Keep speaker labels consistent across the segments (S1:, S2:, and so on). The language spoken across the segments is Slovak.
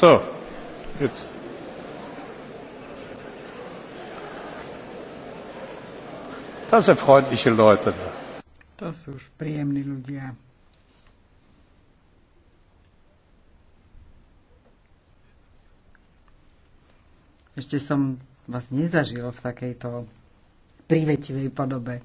S1: So, jetzt. Das sind freundliche Leute. To sú už príjemní ľudia. Ešte som vás nezažil v takejto privetivej podobe.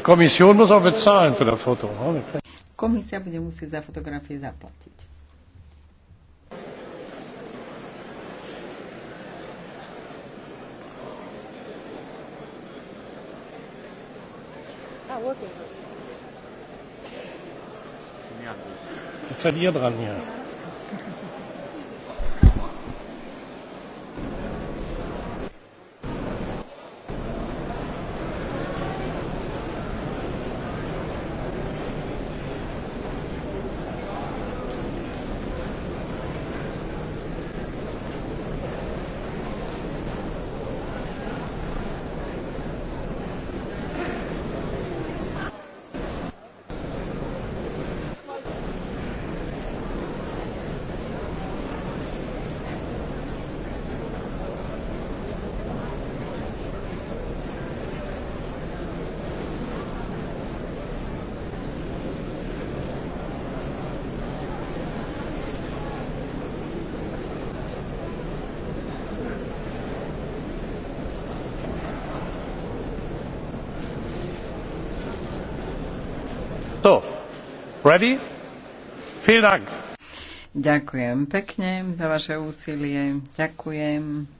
S1: Komisia bude musieť za fotografie zaplatiť. Ah, okay. It's dran hier. Ready? Vielen Dank. Ďakujem pekne za vaše úsilie. Ďakujem.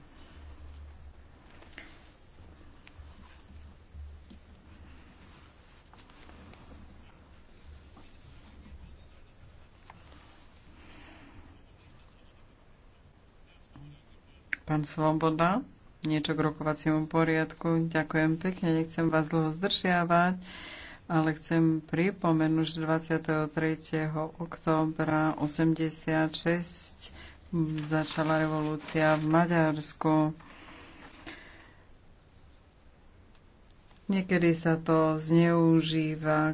S1: Pán Svoboda, niečo k rokovaciemu poriadku. Ďakujem pekne, nechcem vás dlho zdržiavať ale chcem pripomenúť, že 23. októbra 86 začala revolúcia v Maďarsku. Niekedy sa to zneužíva